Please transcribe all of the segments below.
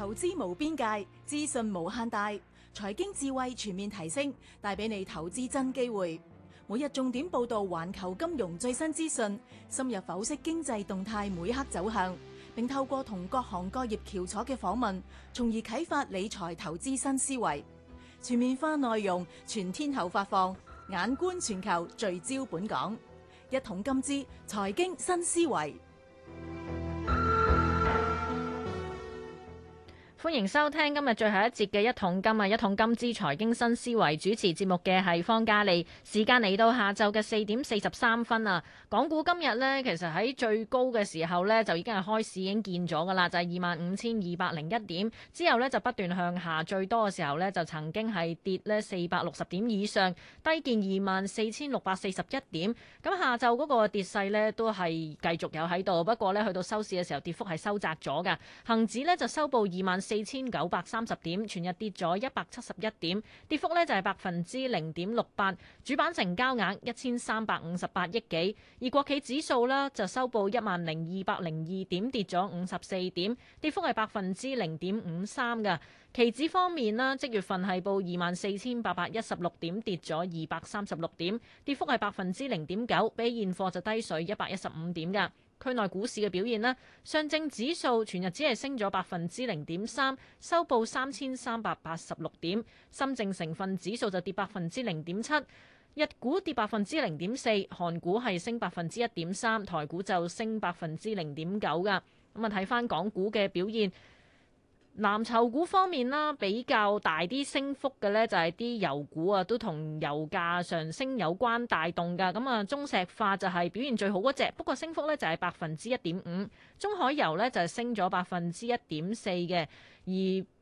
投資無邊界，資訊無限大，財經智慧全面提升，帶俾你投資真機會。每日重點報道環球金融最新資訊，深入剖析經濟動態每刻走向，並透過同各行各業翹楚嘅訪問，從而啟發理財投資新思維。全面化內容，全天候發放，眼觀全球，聚焦本港，一統金資，財經新思維。歡迎收聽今日最後一節嘅一桶金啊！一桶金之財經新思維主持節目嘅係方嘉利。時間嚟到下晝嘅四點四十三分啊！港股今日呢，其實喺最高嘅時候呢，就已經係開市已經見咗噶啦，就係二萬五千二百零一點。之後呢，就不斷向下，最多嘅時候呢，就曾經係跌呢四百六十點以上，低見二萬四千六百四十一點。咁下晝嗰個跌勢呢，都係繼續有喺度，不過呢，去到收市嘅時候，跌幅係收窄咗嘅。恒指呢，就收報二萬。四千九百三十點，全日跌咗一百七十一點，跌幅呢就係百分之零點六八。主板成交額一千三百五十八億幾，而國企指數呢，就收報一萬零二百零二點，跌咗五十四點，跌幅係百分之零點五三㗎。期指方面啦，即月份係報二萬四千八百一十六點，跌咗二百三十六點，跌幅係百分之零點九，比現貨就低水一百一十五點㗎。區內股市嘅表現呢，上證指數全日只係升咗百分之零點三，收報三千三百八十六點；深證成分指數就跌百分之零點七，日股跌百分之零點四，韓股係升百分之一點三，台股就升百分之零點九㗎。咁啊，睇返港股嘅表現。藍籌股方面啦，比較大啲升幅嘅呢就係啲油股啊，都同油價上升有關帶動噶。咁啊，中石化就係表現最好嗰隻，不過升幅呢就係百分之一點五。中海油呢就係升咗百分之一點四嘅。而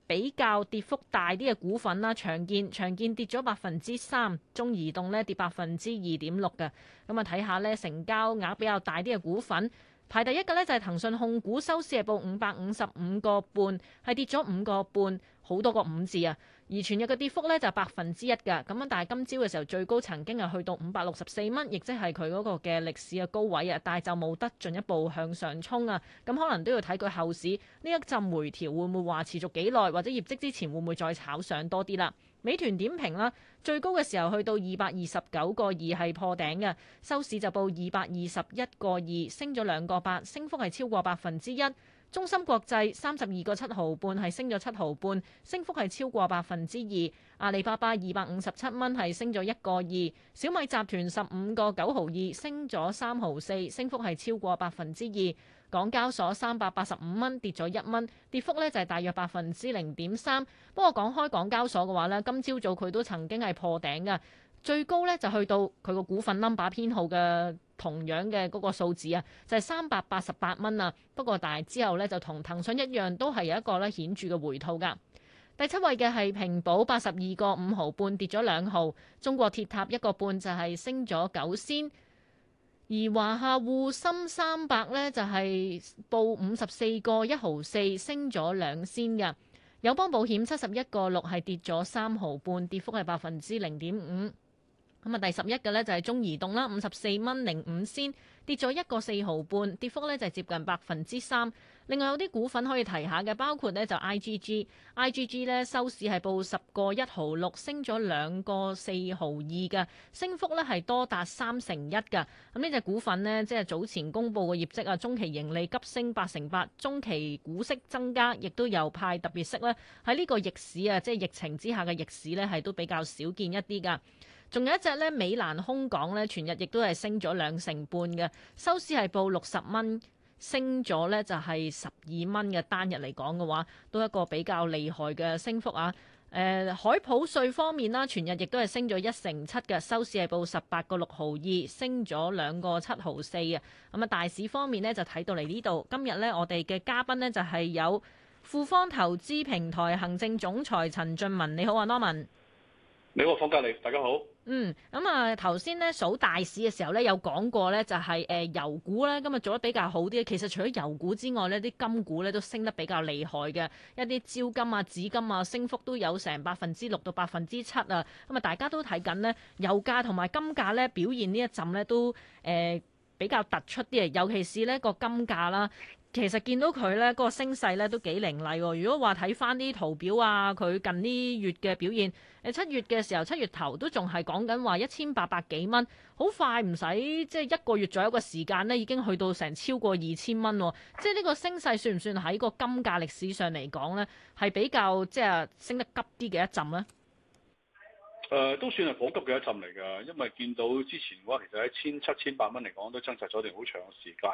比較跌幅大啲嘅股份啦，長建長建跌咗百分之三，中移動呢跌百分之二點六㗎。咁啊，睇下呢成交額比較大啲嘅股份。排第一嘅咧就係騰訊控股，收市係報五百五十五個半，係跌咗五個半，好多個五字啊！而全日嘅跌幅咧就百分之一㗎，咁樣但係今朝嘅時候最高曾經係去到五百六十四蚊，亦即係佢嗰個嘅歷史嘅高位啊，但係就冇得進一步向上衝啊！咁可能都要睇佢後市呢一陣回調會唔會話持續幾耐，或者業績之前會唔會再炒上多啲啦？美團點評啦，最高嘅時候去到二百二十九個二係破頂嘅，收市就報二百二十一個二，升咗兩個八，升幅係超過百分之一。中芯國際三十二個七毫半係升咗七毫半，升幅係超過百分之二。阿里巴巴二百五十七蚊係升咗一個二，小米集團十五個九毫二升咗三毫四，升幅係超過百分之二。港交所三百八十五蚊跌咗一蚊，跌幅咧就係大約百分之零點三。不過講開港交所嘅話咧，今朝早佢都曾經係破頂㗎，最高咧就去到佢個股份 number 編號嘅同樣嘅嗰個數字啊，就係三百八十八蚊啊。不過但係之後咧就同騰訊一樣，都係有一個咧顯著嘅回吐㗎。第七位嘅係平保八十二個五毫半跌咗兩毫，中國鐵塔一個半就係升咗九仙。而華夏滬深三百呢，就係報五十四個一毫四，升咗兩仙嘅友邦保險七十一個六，係跌咗三毫半，跌幅係百分之零點五。咁啊，第十一個呢，就係、是、中移動啦，五十四蚊零五仙。跌咗一個四毫半，跌幅呢就接近百分之三。另外有啲股份可以提下嘅，包括呢就 IGG，IGG 呢收市係報十個一毫六，升咗兩個四毫二㗎，升幅呢係多達三成一㗎。咁呢隻股份呢，即係早前公布嘅業績啊，中期盈利急升八成八，中期股息增加，亦都有派特別息啦。喺呢個逆市啊，即係疫情之下嘅逆市呢，係都比較少見一啲㗎。仲有一隻咧，美蘭空港咧，全日亦都係升咗兩成半嘅，收市係報六十蚊，升咗咧就係十二蚊嘅單日嚟講嘅話，都係一個比較厲害嘅升幅啊！誒、呃，海普瑞方面啦，全日亦都係升咗一成七嘅，收市係報十八個六毫二，升咗兩個七毫四嘅。咁啊，大市方面呢就睇到嚟呢度，今日呢，我哋嘅嘉賓呢就係有富方投資平台行政總裁陳俊文，你好啊，Norman。你好，方家利，大家好。嗯，咁、嗯、啊，頭先咧數大市嘅時候咧，有講過咧，就係、是、誒、呃、油股啦。今日做得比較好啲。其實除咗油股之外咧，啲金股咧都升得比較厲害嘅，一啲招金啊、紫金啊，升幅都有成百分之六到百分之七啊。咁、嗯、啊，大家都睇緊呢油價同埋金價咧表現呢一陣咧都誒、呃、比較突出啲啊，尤其是呢個金價啦。其實見到佢呢，嗰個升勢咧都幾凌厲喎。如果話睇翻啲圖表啊，佢近呢月嘅表現，誒七月嘅時候，七月頭都仲係講緊話一千八百幾蚊，好快唔使即係一個月左右嘅時間咧，已經去到成超過二千蚊喎。即係呢個升勢算唔算喺個金價歷史上嚟講呢？係比較即係升得急啲嘅一陣呢。誒、呃、都算係火急嘅一陣嚟㗎，因為見到之前嘅話，其實喺千七千八蚊嚟講都掙扎咗一段好長嘅時間，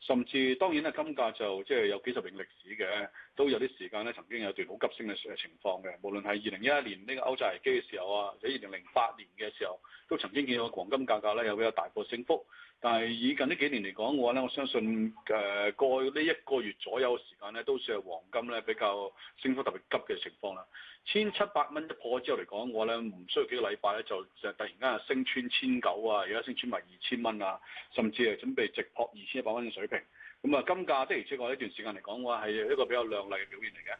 甚至當然咧金價就即係有幾十名歷史嘅，都有啲時間咧曾經有段好急升嘅情況嘅，無論係二零一一年呢、呢個歐債危機嘅時候啊，或者二零零八年嘅時候，都曾經見過黃金價格呢有比較大嘅升幅。但係以近呢幾年嚟講嘅話咧，我相信誒、呃、過去呢一個月左右時間咧，都算係黃金咧比較升幅特別急嘅情況啦。千七百蚊一破之後嚟講嘅話咧，唔需要幾個禮拜咧，就就突然間升穿千九啊，而家升穿埋二千蚊啊，甚至係準備直撲二千一百蚊嘅水平。咁、嗯、啊，金價的而且確呢段時間嚟講嘅話係一個比較靚麗嘅表現嚟嘅。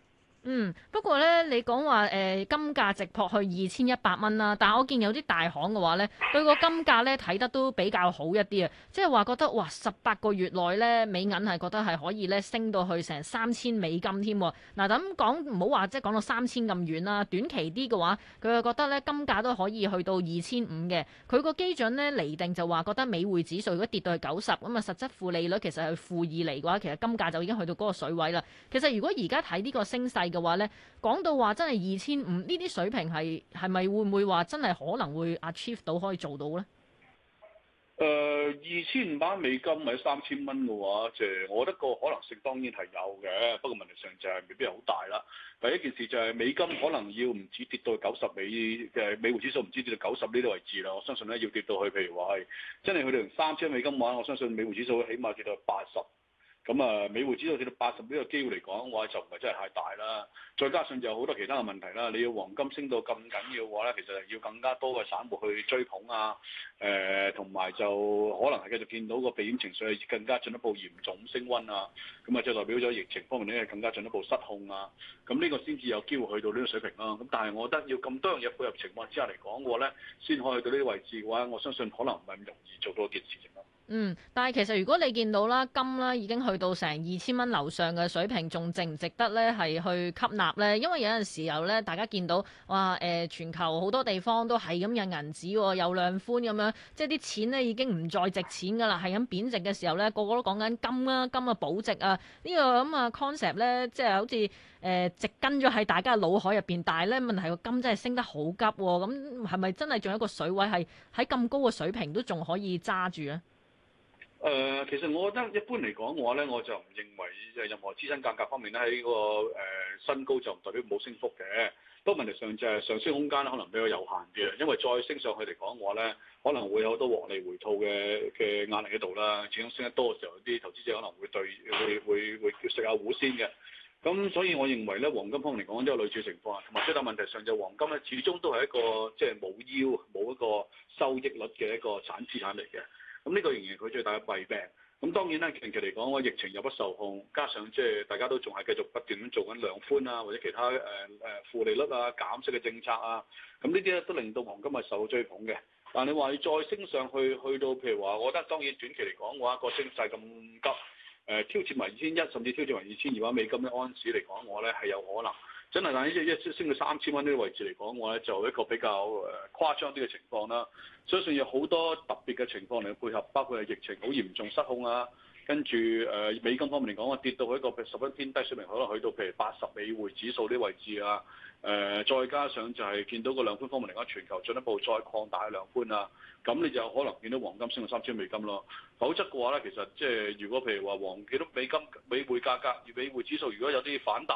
嗯，不過咧，你講話誒金價直撲去二千一百蚊啦，但我見有啲大行嘅話咧，對個金價咧睇得都比較好一啲啊，即係話覺得哇十八個月內咧美銀係覺得係可以咧升到去成三千美金添。嗱咁講唔好話即係講到三千咁遠啦，短期啲嘅話佢又覺得咧金價都可以去到二千五嘅。佢個基準咧釐定就話覺得美匯指數如果跌到去九十咁啊，實質負利率其實係負二釐嘅話，其實金價就已經去到嗰個水位啦。其實如果而家睇呢個升勢嘅話咧，講到話真係二千五呢啲水平係係咪會唔會話真係可能會 achieve 到可以做到咧？誒、呃，二千五百美金或者三千蚊嘅話，即係我覺得個可能性當然係有嘅，不過問題上就係未必係好大啦。第一件事就係美金可能要唔止跌到九十美嘅美匯指數，唔止跌到九十呢啲位置啦。我相信咧要跌到去，譬如話係真係佢哋用三千美金買，我相信美匯指數起碼跌到八十。咁啊、嗯，美匯指數跌到八十呢個機會嚟講，話就唔係真係太大啦。再加上就有好多其他嘅問題啦，你要黃金升到咁緊要嘅話咧，其實要更加多嘅散戶去追捧啊。誒、呃，同埋就可能係繼續見到個避險情緒更加進一步嚴重升溫啊。咁啊，即係代表咗疫情方面咧更加進一步失控啊。咁呢個先至有機會去到呢個水平咯、啊。咁但係我覺得要咁多樣嘢配合情況之下嚟講嘅話咧，先可以去到呢啲位置嘅話，我相信可能唔係咁容易做到一件事情咯。嗯，但係其實如果你見到啦金啦已經去到成二千蚊樓上嘅水平，仲值唔值得咧係去吸納咧？因為有陣時候咧，大家見到哇誒、呃，全球好多地方都係咁印銀紙、哦，有量寬咁樣，即係啲錢咧已經唔再值錢㗎啦，係咁貶值嘅時候咧，個個都講緊金啦、啊，金啊保值啊，這個、呢個咁啊 concept 咧，即係好似誒、呃、直跟咗喺大家嘅腦海入邊。但係咧問題個金真係升得好急、哦，咁係咪真係仲有一個水位係喺咁高嘅水平都仲可以揸住咧？誒、呃，其實我覺得一般嚟講嘅話咧，我就唔認為即係任何資產價格，格方面咧，喺嗰、嗰個誒呃、新高就唔代表冇升幅嘅。不過問題上就係上升空間可能比較有限啲，因為再升上去嚟講嘅話咧，可能會有好多獲利回吐嘅嘅壓力喺度啦。始終升得多嘅時候，啲投資者可能會對會會會食下糊先嘅。咁所以我認為咧，黃金方面嚟講都有類似情況，同埋最大問題上就係黃金咧，始終都係一個即係冇腰冇一個收益率嘅一個產資產嚟嘅。咁呢個仍然佢最大嘅弊病。咁當然啦，長期嚟講，個疫情又不受控，加上即係大家都仲係繼續不斷咁做緊量寬啊，或者其他誒誒負利率啊、減息嘅政策啊，咁呢啲咧都令到黃金係受到追捧嘅。但係你話再升上去，去到譬如話，我覺得當然短期嚟講嘅話，個升勢咁急，誒、呃、挑戰埋二千一，甚至挑戰埋二千二嘅話，美金嘅安士嚟講，我咧係有可能。真係，但係一一升到三千蚊呢啲位置嚟講嘅話咧，就一個比較誒、呃、誇張啲嘅情況啦。相信有好多特別嘅情況嚟配合，包括係疫情好嚴重失控啊，跟住誒、呃、美金方面嚟講，跌到去一個十分偏低水平，可能去到譬如八十美匯指數啲位置啊。誒、呃，再加上就係見到個量寬方面嚟講，全球進一步再擴大量寬啊，咁你就可能見到黃金升到三千美金咯。否則嘅話咧，其實即係如果譬如話黃幾多美金美匯價格與美匯指數如果有啲反彈。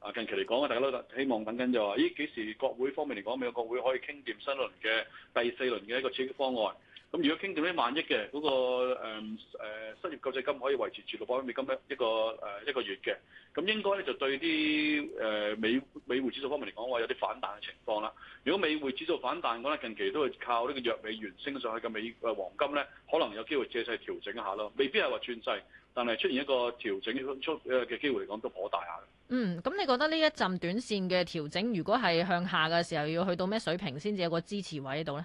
啊，近期嚟講啊，大家都希望等緊就話：咦、欸，幾時國會方面嚟講，美國國會可以傾掂新輪嘅第四輪嘅一個刺激方案？咁如果傾掂咧，萬億嘅嗰、那個誒、嗯呃、失業救濟金可以維持住六百美金咧一個誒、呃、一個月嘅，咁應該咧就對啲誒、呃、美美匯指數方面嚟講話有啲反彈嘅情況啦。如果美匯指數反彈嘅話咧，近期都係靠呢個弱美元升上去嘅美誒黃金咧，可能有機會借勢調整一下咯，未必係話轉勢，但係出現一個調整嘅機會嚟講都頗大下。嗯，咁你覺得呢一陣短線嘅調整，如果係向下嘅時候，要去到咩水平先至有個支持位喺度咧？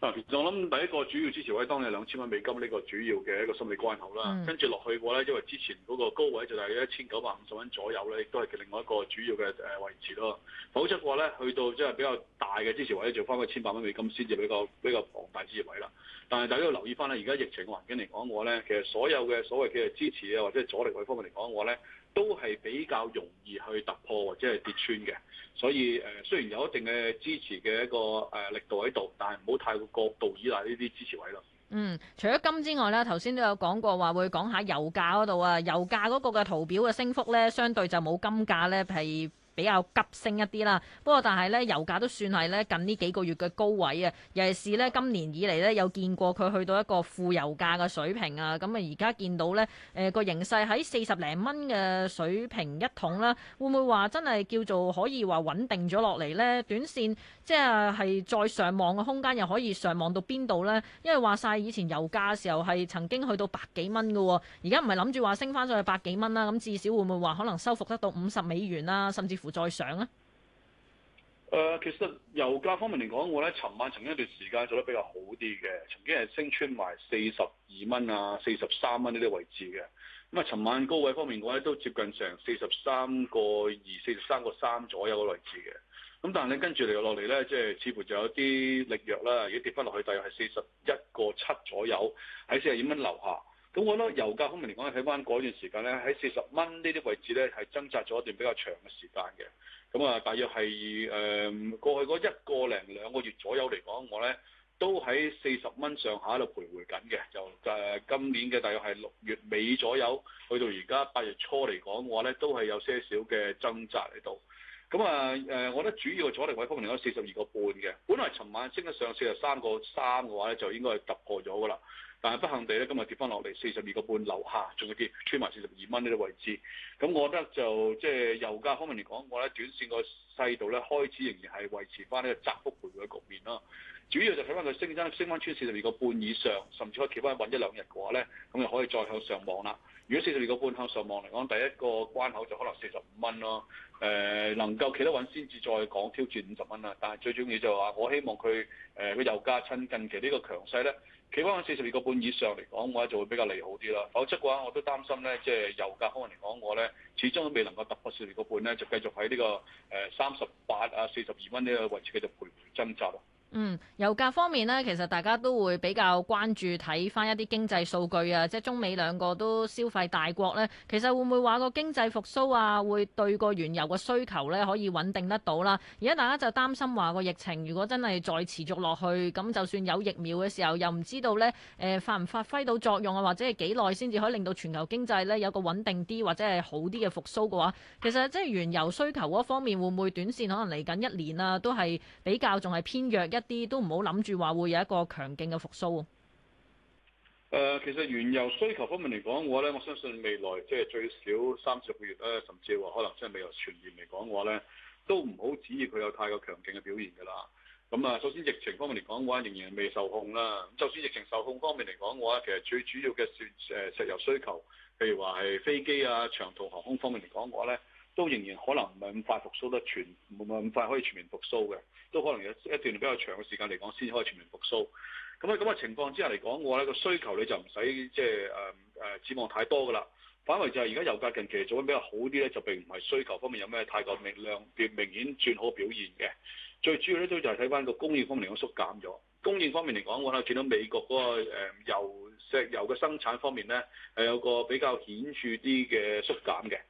啊，其實我諗第一個主要支持位當你係兩千蚊美金呢個主要嘅一個心理關口啦。嗯、跟住落去嘅話咧，因為之前嗰個高位就大概一千九百五十蚊左右咧，亦都係另外一個主要嘅誒位置咯。否則嘅話咧，去到即係比較大嘅支持位咧，就翻去千八百蚊美金先至比較比較龐大支持位啦。但係大家要留意翻咧，而家疫情嘅環境嚟講，嘅話咧其實所有嘅所謂嘅支持啊，或者係阻力位方面嚟講，嘅話咧。都係比較容易去突破或者係跌穿嘅，所以誒雖然有一定嘅支持嘅一個誒力度喺度，但係唔好太過過度依賴呢啲支持位咯。嗯，除咗金之外咧，頭先都有講過話會講下油價嗰度啊，油價嗰個嘅圖表嘅升幅咧，相對就冇金價咧係比較急升一啲啦，不過但係咧油價都算係咧近呢幾個月嘅高位啊，尤其是咧今年以嚟咧有見過佢去到一個負油價嘅水平啊，咁啊而家見到咧誒個形勢喺四十零蚊嘅水平一桶啦，會唔會話真係叫做可以話穩定咗落嚟咧？短線即係係再上望嘅空間又可以上望到邊度咧？因為話晒以前油價嘅時候係曾經去到百幾蚊嘅喎，而家唔係諗住話升翻上去百幾蚊啦，咁至少會唔會話可能收復得到五十美元啦，甚至乎？再上咧？誒、呃，其實油價方面嚟講，我咧尋晚曾經一段時間做得比較好啲嘅，曾經係升穿埋四十二蚊啊、四十三蚊呢啲位置嘅。咁啊，尋晚高位方面我咧，都接近成四十三個二、四十三個三左右嘅位置嘅。咁但係你跟住嚟落嚟咧，即係似乎就有啲力弱啦，而跌翻落去，大約係四十一個七左右，喺四十二蚊樓下。咁、嗯、我覺得油價方面嚟講，睇翻嗰段時間咧，喺四十蚊呢啲位置咧，係掙扎咗一段比較長嘅時間嘅。咁、嗯、啊，大約係誒、呃、過去嗰一個零兩個月左右嚟講，我咧都喺四十蚊上下喺度徘徊緊嘅。就誒今年嘅大約係六月尾左右，去到而家八月初嚟講嘅話咧，都係有些少嘅掙扎喺度。咁啊誒，我覺得主要嘅阻力位方面嚟講，四十二個半嘅，本來尋晚升得上四十三個三嘅話咧，就應該係突破咗噶啦。但係不幸地咧，今日跌翻落嚟四十二個半樓下，仲要跌穿埋四十二蚊呢個位置。咁我覺得就即係油價方面嚟講，我咧短線個勢度咧開始仍然係維持翻呢個窄幅盤嘅局面咯。主要就睇翻佢升翻升翻穿四十二個半以上，甚至可以企翻穩一兩日嘅話咧，咁就可以再向上望啦。如果四十二個半向上望嚟講，第一個關口就可能四十五蚊咯。誒、呃、能夠企得穩先至再講挑戰五十蚊啦。但係最重要就係話，我希望佢誒個油價親近，近期呢個強勢咧，企翻喺四十二個半以上嚟講嘅話，就會比較利好啲啦。否則嘅話，我都擔心咧，即、就、係、是、油價可能嚟講，我咧始終都未能夠突破四十二個半咧，就繼續喺呢個誒三十八啊四十二蚊呢個位置繼續徘徊掙扎咯。嗯，油價方面咧，其實大家都會比較關注，睇翻一啲經濟數據啊，即係中美兩個都消費大國咧，其實會唔會話個經濟復甦啊，會對個原油嘅需求咧可以穩定得到啦？而家大家就擔心話個疫情如果真係再持續落去，咁就算有疫苗嘅時候，又唔知道咧誒、呃、發唔發揮到作用啊，或者係幾耐先至可以令到全球經濟咧有個穩定啲或者係好啲嘅復甦嘅話，其實即係原油需求嗰方面會唔會短綫可能嚟緊一年啊，都係比較仲係偏弱一？一啲都唔好諗住話會有一個強勁嘅復甦。誒、呃，其實原油需求方面嚟講嘅話，我咧我相信未來即係最少三十個月咧，甚至話可能即係未來全年嚟講嘅話咧，都唔好指意佢有太過強勁嘅表現㗎啦。咁、嗯、啊，嗯、首先疫情方面嚟講嘅話，仍然未受控啦。咁就算疫情受控方面嚟講嘅話，其實最主要嘅誒石油需求，譬如話係飛機啊、長途航空方面嚟講嘅話咧。都仍然可能唔係咁快復甦得全，唔係咁快可以全面復甦嘅，都可能有一段比較長嘅時間嚟講先可以全面復甦。咁喺咁嘅情況之下嚟講，我呢個需求你就唔使即係誒誒指望太多噶啦。反為就係而家油價近期做緊比較好啲呢，就並唔係需求方面有咩太過力量，明顯轉好表現嘅。最主要呢都就係睇翻個供應方面嚟講縮減咗。供應方面嚟講，我睇見到美國嗰、嗰個、呃、油石油嘅生產方面呢，係有個比較顯著啲嘅縮減嘅。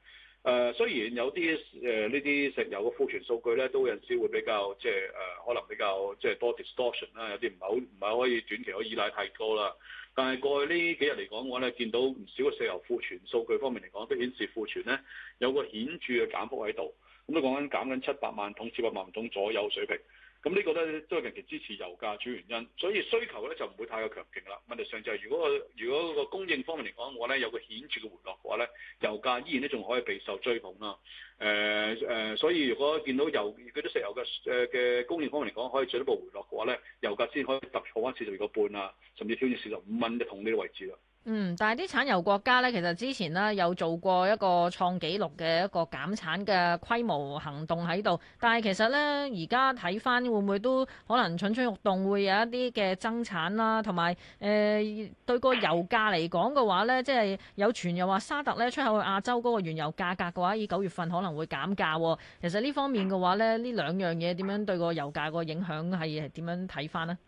誒、uh, 雖然有啲誒呢啲石油嘅庫存數據咧，都有時會比較即係誒，可能比較即係、呃、多 distortion 啦，有啲唔係好唔係可以短期可以依賴太高啦。但係過去幾呢幾日嚟講我話咧，見到唔少嘅石油庫存數據方面嚟講，都顯示庫存咧有個顯著嘅減幅喺度，咁、嗯、都講緊減緊七百萬桶至八萬桶左右水平。咁呢個咧都係近期支持油價主要原因，所以需求咧就唔會太過強勁啦。問題上就係如果個如果個供應方面嚟講嘅話咧，有個顯著嘅回落嘅話咧，油價依然咧仲可以備受追捧啦。誒、呃、誒、呃，所以如果見到油嗰啲石油嘅誒嘅供應方面嚟講可以進一步回落嘅話咧，油價先可以突破翻四十二個半啊，甚至挑戰四十五蚊一桶呢個位置啦。嗯，但係啲產油國家呢，其實之前呢，有做過一個創紀錄嘅一個減產嘅規模行動喺度，但係其實呢，而家睇翻會唔會都可能蠢蠢欲動，會有一啲嘅增產啦，同埋誒對個油價嚟講嘅話呢，即係有傳又話沙特呢，出口去亞洲嗰個原油價格嘅話，以九月份可能會減價喎。其實呢方面嘅話呢，呢兩樣嘢點樣對個油價個影響係點樣睇翻呢？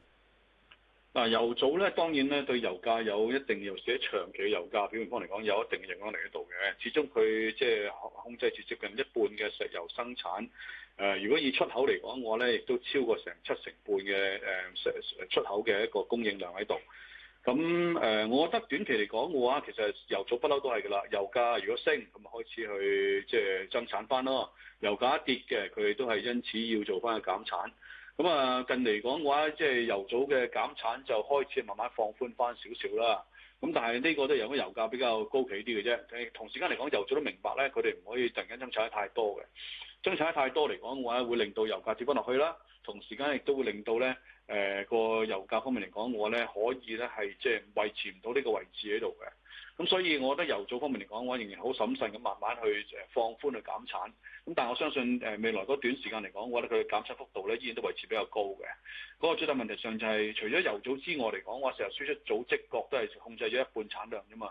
嗱，油組咧，當然咧，對油價有一定，尤其是長期嘅油價表現方嚟講，有一定嘅影響嚟喺度嘅。始終佢即係控制住接近一半嘅石油生產。誒、呃，如果以出口嚟講，我咧亦都超過成七成半嘅誒出口嘅一個供應量喺度。咁誒，我覺得短期嚟講嘅話，其實油組不嬲都係嘅啦。油價如果升，咁啊開始去即係增產翻咯。油價一跌嘅，佢都係因此要做翻嘅減產。咁啊，近嚟講嘅話，即係油組嘅減產就開始慢慢放寬翻少少啦。咁但係呢個都係由於油價比較高企啲嘅啫。同時間嚟講，油組都明白咧，佢哋唔可以突然間增產得太多嘅。增產得太多嚟講嘅話，會令到油價跌翻落去啦。同時間亦都會令到咧，誒、呃、個油價方面嚟講，我咧可以咧係即係維持唔到呢個位置喺度嘅。咁所以，我覺得油組方面嚟講，我仍然好審慎咁慢慢去誒放寬去減產。咁但係我相信誒未來嗰短時間嚟講，我覺得佢減產幅度咧依然都維持比較高嘅。嗰、那個最大問題上就係、是，除咗油組之外嚟講，我成日輸出組織國都係控制咗一半產量啫嘛。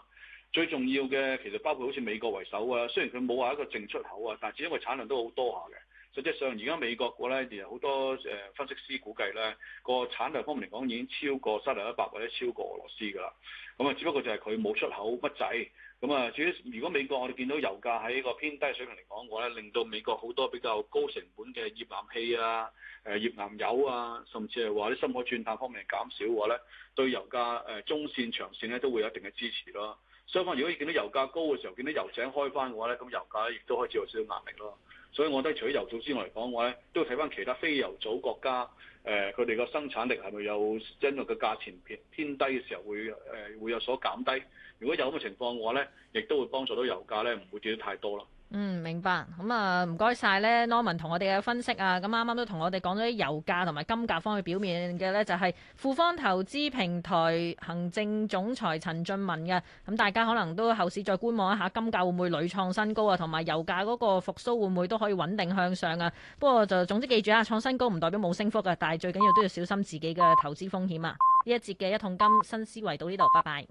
最重要嘅其實包括好似美國為首啊，雖然佢冇話一個淨出口啊，但係只因為產量都好多下嘅。實際上而家美國個咧，其實好多誒分析師估計咧，個產量方面嚟講已經超過失量一百，或者超過俄羅斯㗎啦。咁啊，只不過就係佢冇出口乜滯。咁啊，至於如果美國我哋見到油價喺個偏低水平嚟講，我咧令到美國好多比較高成本嘅頁岩氣啊、誒頁岩油啊，甚至係話啲深海鑽探方面減少嘅話咧，對油價誒中線、長線咧都會有一定嘅支持咯。相反，如果見到油價高嘅時候，見到油井開翻嘅話咧，咁油價亦都開始有少少壓力咯。所以我覺得除咗油組之外嚟講嘅話咧，都睇返其他非油組國家，誒佢哋個生產力係咪有因為個價錢偏偏低嘅時候會誒、呃、會有所減低，如果有咁嘅情況嘅話咧，亦都會幫助到油價咧唔會跌得太多啦。嗯，明白。咁、嗯、啊，唔該晒呢 Norman 同我哋嘅分析啊。咁啱啱都同我哋講咗啲油價同埋金價方面表面嘅呢，就係富方投資平台行政總裁陳俊文嘅。咁、嗯、大家可能都後市再觀望一下，金價會唔會屢創新高啊？同埋油價嗰個復甦會唔會都可以穩定向上啊？不過就總之記住啊，創新高唔代表冇升幅啊，但係最緊要都要小心自己嘅投資風險啊！呢一節嘅一桶金新思維到呢度，拜拜。